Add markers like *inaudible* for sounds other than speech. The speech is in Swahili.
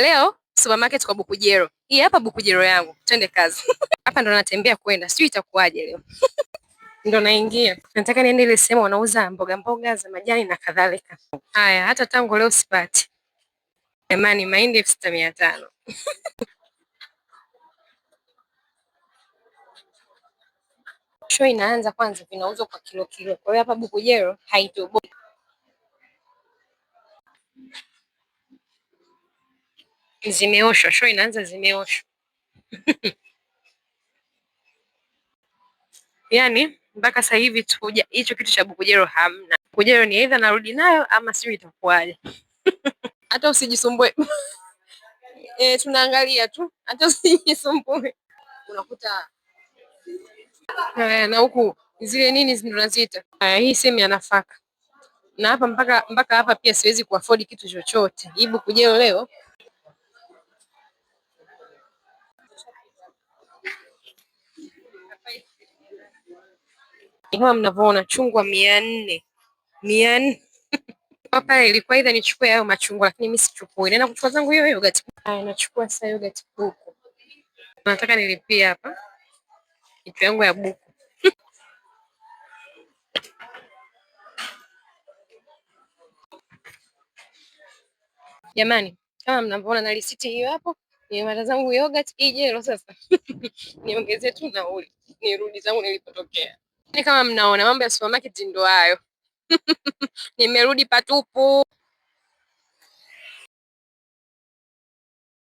Leo supermarket kwa Bukujero. Hii hapa Bukujero yangu, twende kazi. *laughs* Hapa ndo natembea kwenda, sijui itakuwaje leo. *laughs* Ndo naingia, nataka niende ile sehemu wanauza mboga mboga za majani na kadhalika. Haya, hata tango leo sipati. Jamani, mahindi elfu sita mia tano. *laughs* sho inaanza kwanza, vinauzwa kwa kilo kilo, kwa hiyo hapa Bukujero haitoboi. Zimeoshwa, show inaanza, zimeoshwa *laughs* yani mpaka sasa hivi tuja hicho kitu cha bukujero hamna. Bukujero ni aidha narudi nayo ama sijui itakuwaje. *laughs* hata usijisumbue *laughs* e, tunaangalia tu, hata usijisumbue unakuta eh, na huku zile nini haya, eh, hii sehemu ya nafaka na hapa mpaka mpaka hapa pia siwezi kuafodi kitu chochote. Hii bukujero leo kama mnavyoona chungwa mia nne mia nne *laughs* hapa ilikuwa aidha nichukue hayo machungwa, lakini mimi sichukui, naenda kuchukua zangu hiyo yogurt. Haya, nachukua sasa yogurt huko, nataka nilipie hapa kitu yangu ya buku *laughs* jamani. Kama mnavyoona na risiti hiyo hapo, nimepata zangu yogurt ije hilo sasa *laughs* niongezee tu nauli nirudi zangu nilipotokea. Kama mnaona mambo ya supermarket ndo hayo. *laughs* Nimerudi patupu.